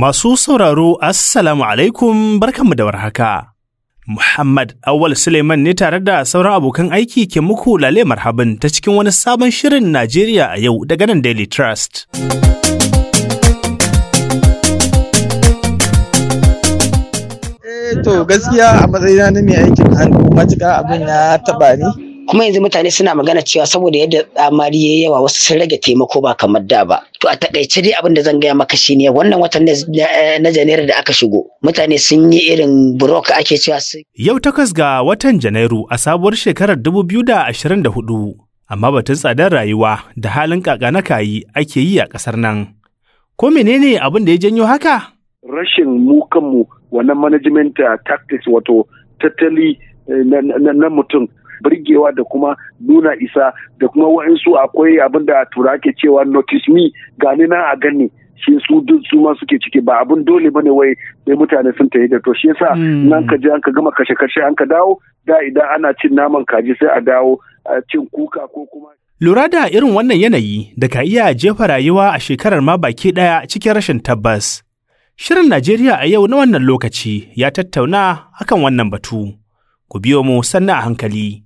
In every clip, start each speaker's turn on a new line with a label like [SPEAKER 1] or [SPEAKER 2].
[SPEAKER 1] Masu sauraro, Assalamu alaikum barkanmu da warhaka. Muhammad Awal Suleiman ne tare da sauran abokan aiki ke muku lale marhaban ta cikin wani sabon shirin Najeriya a yau daga nan Daily Trust. Eh,
[SPEAKER 2] to gaskiya
[SPEAKER 3] a matsayina na mai aikin hannu matuƙa abin ya taɓa ni. kuma yanzu mutane suna magana cewa saboda yadda tsamari ya yawa wasu sun rage taimako ba kamar da ba to a takaice dai abin da zan gaya maka shine wannan watan na janairu da aka shigo mutane sun yi irin burok ake cewa
[SPEAKER 1] su yau takwas ga watan janairu a sabuwar shekarar da da ashirin hudu, amma batun tsadar rayuwa da halin kaka na kayi ake yi a kasar nan ko menene abin da ya janyo haka
[SPEAKER 4] rashin mu kanmu wannan management tactics wato tattali eh, na mutum birgewa da kuma nuna isa da kuma wa'insu akwai abin da tura ke cewa notice me gani na a gani shi su duk su ma suke ciki ba abin dole bane wai sai mutane sun tayi da to shi yasa nan hmm. ka je an ka gama kashe kashe an ka dawo da idan ana cin naman kaji sai a dawo a cin kuka ko kuma
[SPEAKER 1] lura da irin wannan yanayi da ka iya jefa rayuwa a shekarar ma baki daya cikin rashin tabbas shirin Najeriya a yau na wannan lokaci ya tattauna akan wannan batu ku biyo mu sannan a hankali.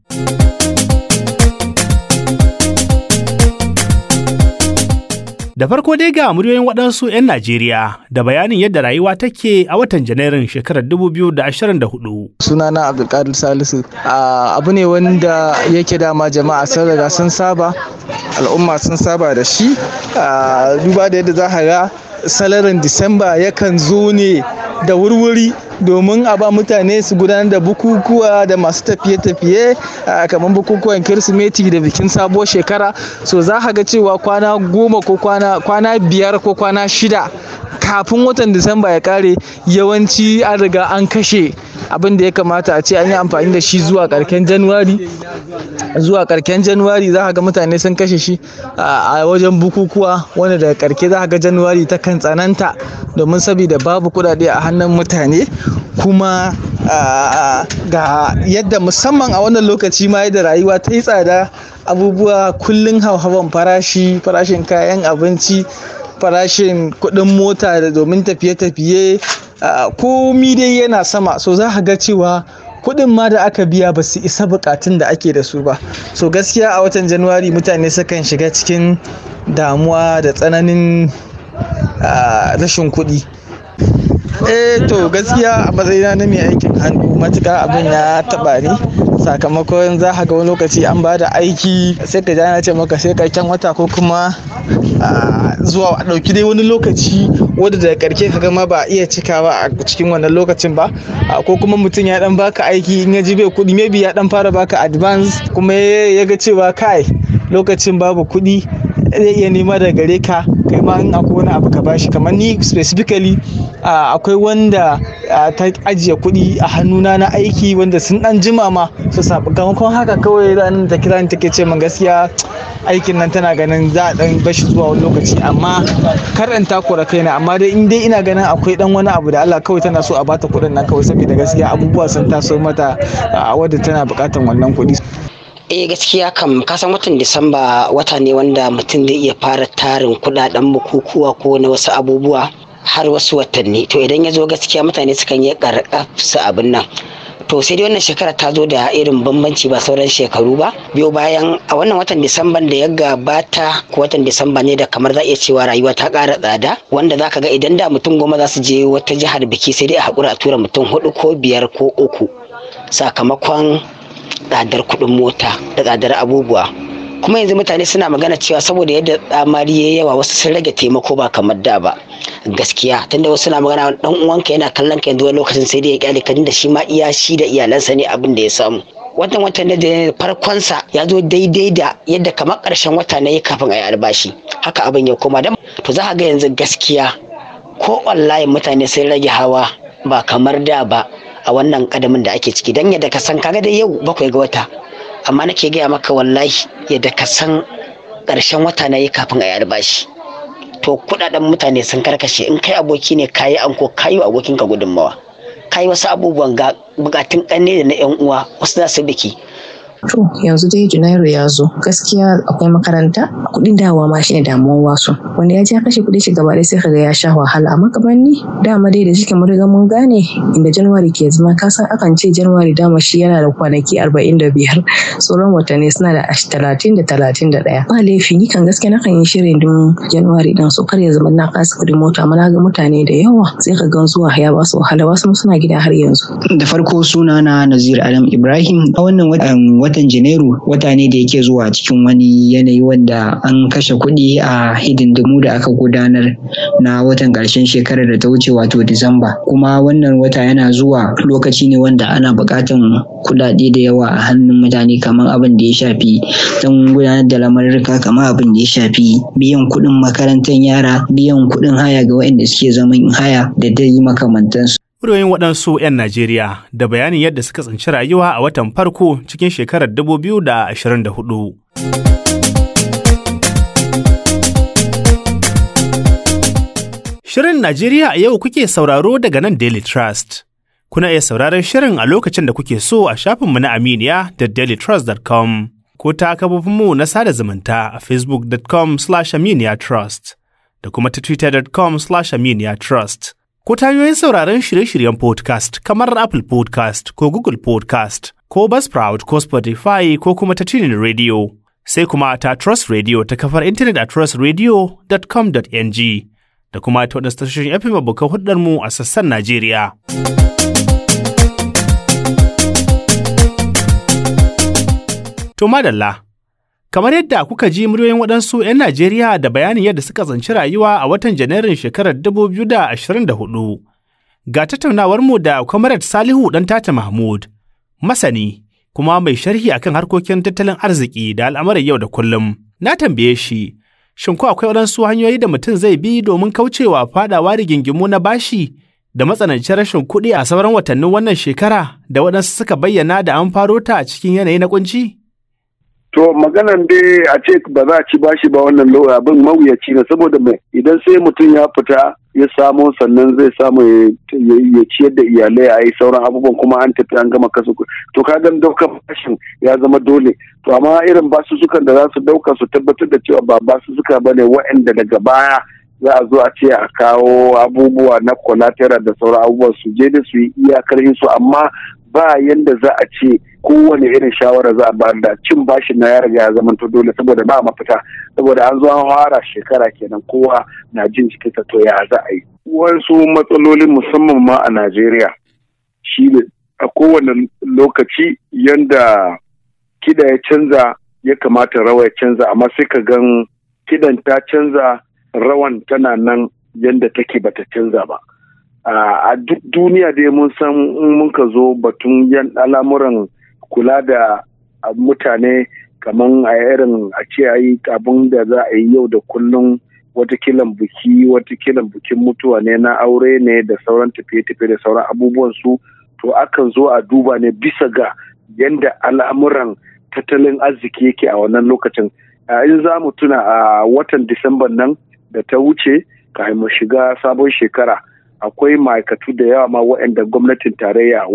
[SPEAKER 1] Da farko dai ga muryoyin waɗansu 'yan Najeriya da bayanin yadda rayuwa take a watan Janairun shekarar 2024.
[SPEAKER 2] Sunana Abdulkadir Salisu abu ne wanda yake dama jama'a sun riga sun saba, al'umma sun saba da shi, duba da yadda za ga salarin Disamba yakan zo ne da wurwuri domin a ba mutane su gudanar da bukukuwa da masu tafiye-tafiye kamar bukukuwan kirsimeti da bikin sabuwar shekara so za ga cewa kwana goma ko kwana biyar ko kwana shida kafin watan disamba ya kare yawanci an riga an kashe abin da ya kamata a ce an yi amfani da shi zuwa karken januwari zuwa karken januwari za ga mutane sun kashe shi a wajen bukukuwa wanda daga karke za ga januwari ta kan tsananta domin saboda babu kudade a hannun mutane kuma ga yadda musamman a wannan lokaci ma yadda rayuwa ta yi tsada abubuwa kullum hauhawan farashi farashin kayan abinci farashin kuɗin mota da domin tafiye-tafiye komi dai yana sama so za ka ga cewa kuɗin ma da aka biya ba su isa bukatun da ake da su ba so gaskiya a watan januwari mutane sukan shiga cikin damuwa da tsananin rashin kuɗi Eh to gaskiya a matsayina na mai aikin hannu matuƙa abin ya taɓa ni sakamakon za ga wani lokaci an ba da aiki sai ka jana ce maka sai karken wata ko kuma zuwa a ɗauki dai wani lokaci wadda daga karke ka gama ba iya cika ba a cikin wannan lokacin ba ko kuma mutum ya dan baka aiki in ya ji bai kuɗi maybe ya dan fara baka advance kuma ya ga cewa kai lokacin babu kuɗi zai iya nema daga gare ka kai ma in akwai wani abu ka bashi kamar ni specifically akwai wanda ta ajiye kuɗi a hannuna na aiki wanda sun dan jima ma su sakamakon haka kawai ranar ta kira ni take ce min gaskiya aikin nan tana ganin za a dan bashi zuwa wani lokaci amma kar kora takura kaina amma dai in dai ina ganin akwai dan wani abu da Allah kawai tana so a bata kuɗin nan kawai saboda gaskiya abubuwa sun taso mata wadda tana bukatan wannan kuɗi eh gaskiya kam ka san watan
[SPEAKER 3] disamba wata ne wanda mutum zai iya fara tarin kudaden bukukuwa ko na wasu abubuwa har wasu watanni to idan ya zo gaskiya mutane sukan yi karkaf abin nan to sai dai wannan shekara ta zo da irin bambanci ba sauran shekaru ba biyo bayan a wannan watan disamban da ya gabata ko watan disamba ne da kamar za iya cewa rayuwa ta ƙara tsada wanda zaka ga idan da mutum goma za su je wata jihar biki sai dai a hakura a tura mutum hudu ko biyar ko uku sakamakon tsadar kuɗin mota da tsadar abubuwa kuma yanzu mutane suna magana cewa saboda yadda tsamari ya yawa wasu sun rage taimako ba kamar da ba gaskiya tunda wasu suna magana dan uwanka yana kallon ka yanzu wani lokacin sai dai ya kyale ka da shi ma iya shi da iyalansa ne abin da ya samu watan watan da farkonsa ya zo daidai da yadda kamar karshen wata na yi kafin a yi albashi haka abin ya koma dan to za ga yanzu gaskiya ko online mutane sun rage hawa ba kamar da ba a wannan kadamin da ake ciki dan yadda ka san kaga dai yau bakwai ga wata amma nake gaya maka wallahi yadda ka san ƙarshen wata na yi kafin a yi albashi to kuɗaɗen mutane sun karkashe in kai aboki ne kayi anko abokin abokinka gudunmawa ka yi wasu abubuwan ga bukatun ƙanne da na 'yan uwa wasu za su biki to yanzu dai Janairu ya zo gaskiya akwai makaranta kuɗin dawa ma shine damuwan wasu wanda ya ja kashe kuɗin shi gaba ɗaya sai kaga ya sha wahala amma kamar ni dama dai da shike mun riga mun gane inda januwari ke zama ka san akan ce januwari dama shi yana da kwanaki arba'in da biyar sauran watanni suna da talatin da talatin ba laifi ni kan gaskiya na kan yi shirin don januwari dan so kar ya zama na kasa kuɗin mota amma na ga mutane da yawa sai ka gan zuwa ya ba su wahala wasu suna gida har yanzu. da farko suna na nazir adam ibrahim a wannan watan watan janairu wata ne da yake zuwa cikin wani yanayi wanda an kashe kuɗi a hidindimu da aka gudanar na watan ƙarshen shekarar da ta wuce wato disamba kuma wannan wata yana zuwa lokaci ne wanda ana buƙatan kuɗaɗe da yawa a hannun mutane kamar abin da ya shafi don gudanar da lamarurruka kamar abin da ya shafi biyan kuɗin makarantar yara biyan kuɗin haya ga waɗanda suke zaman haya da dai makamantansu
[SPEAKER 1] muryoyin waɗansu 'yan Najeriya da bayanin yadda suka tsinci rayuwa a watan farko cikin shekarar 2024. Shirin Najeriya a yau kuke sauraro daga nan Daily Trust. Kuna iya sauraron shirin a lokacin da kuke so a shafinmu na Aminiya da dailytrust.com ko ta kafofinmu na sada zumunta a facebook.com slash aminiya trust da kuma ta twitter.com slash aminiya trust. ko ta hanyoyin sauraron shirye-shiryen podcast kamar Apple podcast ko Google podcast ko Buzzsprout ko Spotify ko kuma ta tunin radio. Sai kuma ta Trust Radio ta kafar intanet a trustradio.com.ng da kuma ta wadda tashoshin FM abokan hulɗarmu a sassan Najeriya. To madalla. Kamar yadda kuka ji muryoyin waɗansu 'yan Najeriya da bayanin yadda suka zanci rayuwa a watan Janairun shekarar 2024. Ga tattaunawarmu da Comrade Salihu ɗan Tata Mahmud, masani kuma mai sharhi akan harkokin tattalin arziki da al'amuran yau da kullum. Na tambaye shi, shin ko akwai waɗansu hanyoyi da mutum zai bi domin kaucewa faɗawa rigingimu na bashi da matsanancin rashin kuɗi a sauran watannin wannan shekara da waɗansu suka bayyana da an faro ta a cikin yanayi na kunci?
[SPEAKER 4] To maganan dai a ce ba za a ci bashi ba wannan lauya abin mawuyaci ne saboda mai idan sai mutum ya fita ya samu sannan zai samu ya ciyar da iyalai a yi sauran abubuwan kuma an tafi an gama kasu to ka gan daukar bashin ya zama dole to amma irin basussukan da za su dauka su tabbatar da cewa ba basussuka ba ne wa'anda daga baya za a zo a ce a kawo abubuwa na collateral da sauran abubuwa su je da su yi iyakar su amma ba yanda za a ce kowane irin shawara za a ba da cin bashin na ya ya zama to dole saboda ba mafita saboda an zo an fara shekara kenan kowa na jin jikinsa to ya za a yi wasu matsalolin musamman ma a Najeriya shi ne a kowane lokaci yadda kida ya canza ya kamata rawa ya canza amma sai ka gan kidan ta canza rawan tana nan yadda take bata canza ba a duk duniya dai mun san mun ka zo batun yan al'amuran kula da mutane kamar a irin a ce a yi abin da za a yi yau da kullum watakilan buki watakilan bukin mutuwa ne na aure ne da sauran tafiye-tafiye da sauran abubuwan su to akan zo a duba ne bisa ga yadda al'amuran tattalin arziki yake a wannan lokacin in za mu tuna a watan disamban nan da ta wuce kafin mu shiga sabon shekara akwai ma'aikatu da yawa ma waɗanda gwamnatin tarayya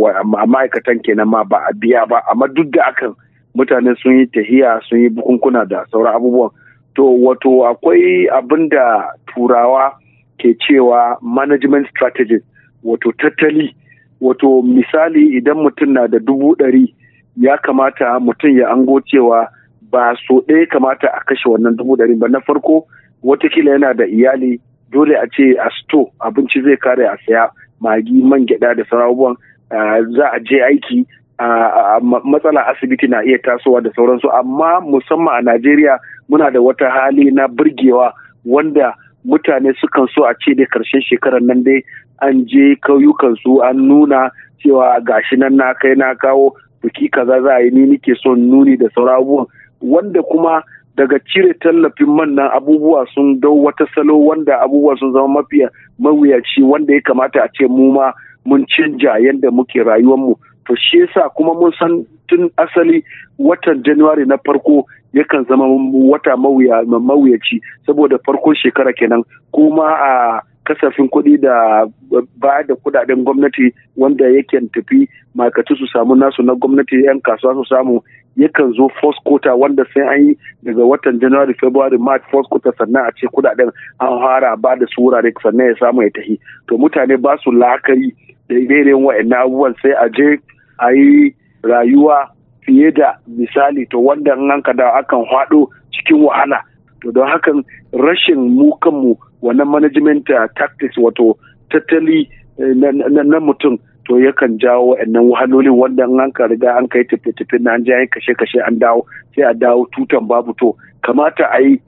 [SPEAKER 4] ma'aikatan kenan ma ba a biya ba amma duk da akan mutane sun yi tahiya sun yi bukunkuna da sauran abubuwan to wato akwai abin da turawa ke cewa management strategy wato tattali wato misali idan mutum na da dubu ɗari ya kamata mutum ya ango cewa ba so ɗaya kamata a kashe wannan dubu ɗari ba na farko watakila yana da iyali dole a ce a sto abinci zai kare a saya magi man gyada da sauran za a je aiki a matsala asibiti na iya tasowa da sauransu amma musamman a najeriya muna da wata hali na burgewa wanda mutane sukan so a ce da karshen shekarar nan dai an je kauyukansu an nuna cewa gashi nan na kai na kawo biki kaza za a yi ni nike son nuni da sauran abubuwan wanda kuma daga cire tallafin man nan abubuwa sun dau wata salo wanda abubuwa sun zama mafiya mawuyaci wanda ya kamata a ce mu ma mun canja yadda muke mu. to shi yasa kuma mun san tun asali watan january na farko yakan zama wata mawuyaci saboda farkon shekara kenan kuma a kasafin kuɗi da ba da kuɗaɗen gwamnati wanda yake tafi ma'aikatu su samu nasu na gwamnati 'yan kasuwa su samu yakan zo first quarter wanda sai an yi daga watan january february march first quarter sannan a ce kuɗaɗen an fara ba da su wurare sannan ya samu ya tafi to mutane ba su la'akari da irin wa'annan abubuwan sai a je a yi rayuwa fiye da misali to wanda an ka da akan haɗo cikin wahala to don hakan rashin mu kanmu wannan management tactics wato tattali eh, na mutum to yakan jawo wa'annan wahalolin wanda an ka riga an kai tafi-tafi na an je kashe-kashe an dawo sai a dawo tutan babu to kamata a yi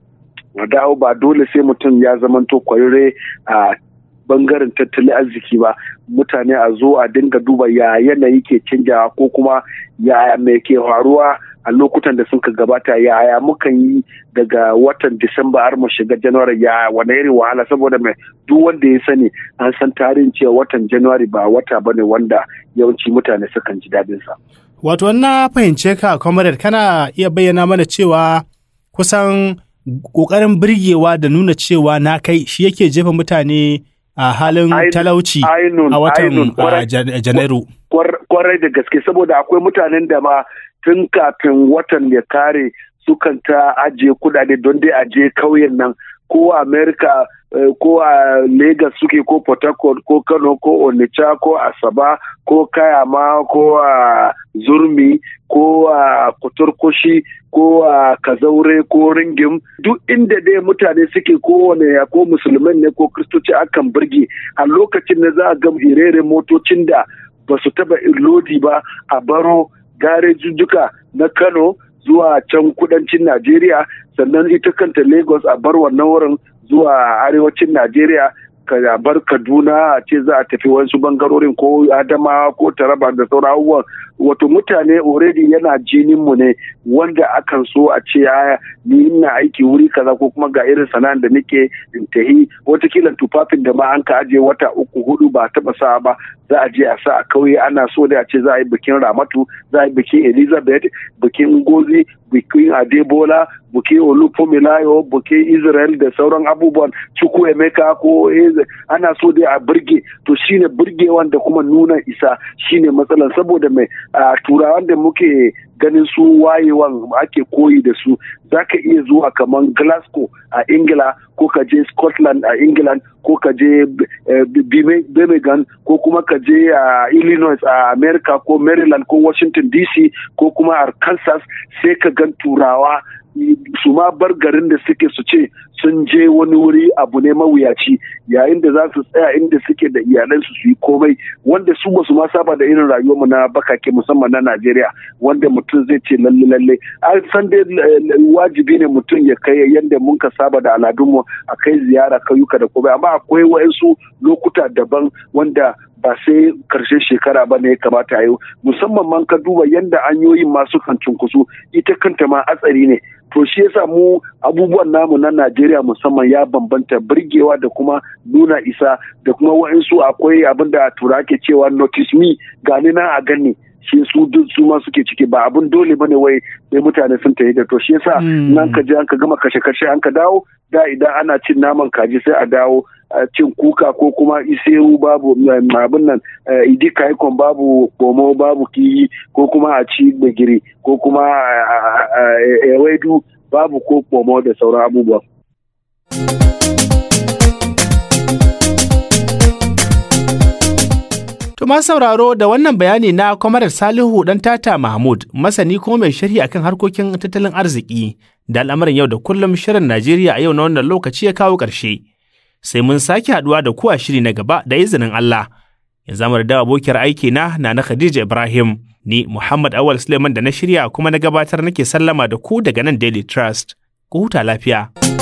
[SPEAKER 4] dawo ba dole sai mutum ya zamanto kwarire a bangaren tattalin arziki ba mutane a zo a dinga duba ya yanayi ke canjawa ko kuma ya mai ke faruwa a lokutan da suka gabata yaya mukan yi daga watan disamba har mu shiga january ya wani irin wahala saboda mai duk wanda ya sani an san tarihin cewa watan january ba wata ba ne wanda yawanci mutane sukan ji daɗin sa
[SPEAKER 1] wato na fahimce ka comrade kana iya bayyana mana cewa kusan ƙoƙarin birgewa da nuna cewa na kai shi yake jefa mutane a halin talauci a watan janairu
[SPEAKER 4] kwarai da gaske saboda akwai mutanen da ma tun kafin watan ya kare sukan ta ajiye kudade don dai ajiye kauyen nan ko america eh, ko a Legas suke ko Port ko Kano ko Onitsha ko Asaba ko Kayama ko a ah, Zurmi ko a ah, Kuturkushi ko a ah, Kazaure ko Ringim duk inda dai mutane suke kowane ya ko musulman ne ko kristoci akan birge a lokacin da za a ga irere motocin da ba su taba lodi ba a baro garejujjuka na Kano zuwa can kudancin Najeriya sannan ita kanta Lagos a bar wannan wurin zuwa arewacin Najeriya ka bar Kaduna a ce za a tafi wasu bangarorin ko Adama ko Taraba da sauran abubuwan wato mutane already yana jinin mu ne wanda akan so a ce ya ni ina aiki wuri kaza ko kuma ga irin sana'ar da nake in wata watakila tufafin da ma an ka aje wata uku hudu ba taba sa ba za a je a sa a kauye ana so da a ce za a yi bikin ramatu za a yi bikin elizabeth bikin gozi bikin adebola buke milayo buke israel da sauran abubuwan ciku emeka ko ana so dai a birge to shine birgewan da kuma nuna isa shine matsalan saboda mai a turawan da muke ganin su wayewan ake koyi da su za ka iya zuwa kamar glasgow a ingila ko ka je scotland a england ko ka je eh, birmingham ko kuma ka je a illinois a america ko maryland ko washington dc ko kuma arkansas sai ka gan turawa su ma bar garin da suke su ce sun je wani wuri abu ne mawuyaci yayin da za su tsaya inda suke da iyalansu su yi komai wanda su basu ma saba da irin rayuwarmu na bakake musamman na Najeriya wanda mutum zai ce lalle lalle an san dai eh, wajibi ne mutum ya kai yanda mun ka saba da al'adunmu a kai ziyara kayuka da komai amma akwai wa'insu lokuta daban wanda ba sai karshen shekara ba ne ya kamata a yi musamman man ka duba yadda hanyoyin masu kan cunkusu ita kanta ma hatsari ne to shi yasa mu abubuwan namu na Najeriya musamman ya bambanta birgewa da kuma nuna isa da kuma wa'insu akwai abin da tura ke cewa notice me gani na a gani shi su duk su ma suke ciki ba abin dole bane wai sai mutane sun tafi da to shi yasa hmm. nan ka je an ka gama kashe kashe an ka dawo da idan ana cin naman kaji sai a dawo cin kuka ko kuma isewu babu eh, abin nan eh, idi kaikon babu bomo babu kiyi ko kuma a ci gbegiri ko kuma eh, waidu babu ko bomo da sauran abubuwa.
[SPEAKER 1] Tuma sauraro da wannan bayani na Kwamarar Salihu dan Tata Mahmud, masani kuma mai sharhi akan harkokin tattalin arziki da al'amarin yau da kullum shirin Najeriya a yau na wannan lokaci ya kawo ƙarshe. sai mun sake haɗuwa da kuwa shiri na gaba da izinin Allah. Yanzu mu da abokiyar aiki na na na Khadija Ibrahim, ni Muhammad Awal Suleiman da na shirya kuma na gabatar nake sallama da ku daga nan Daily Trust. Ku huta lafiya.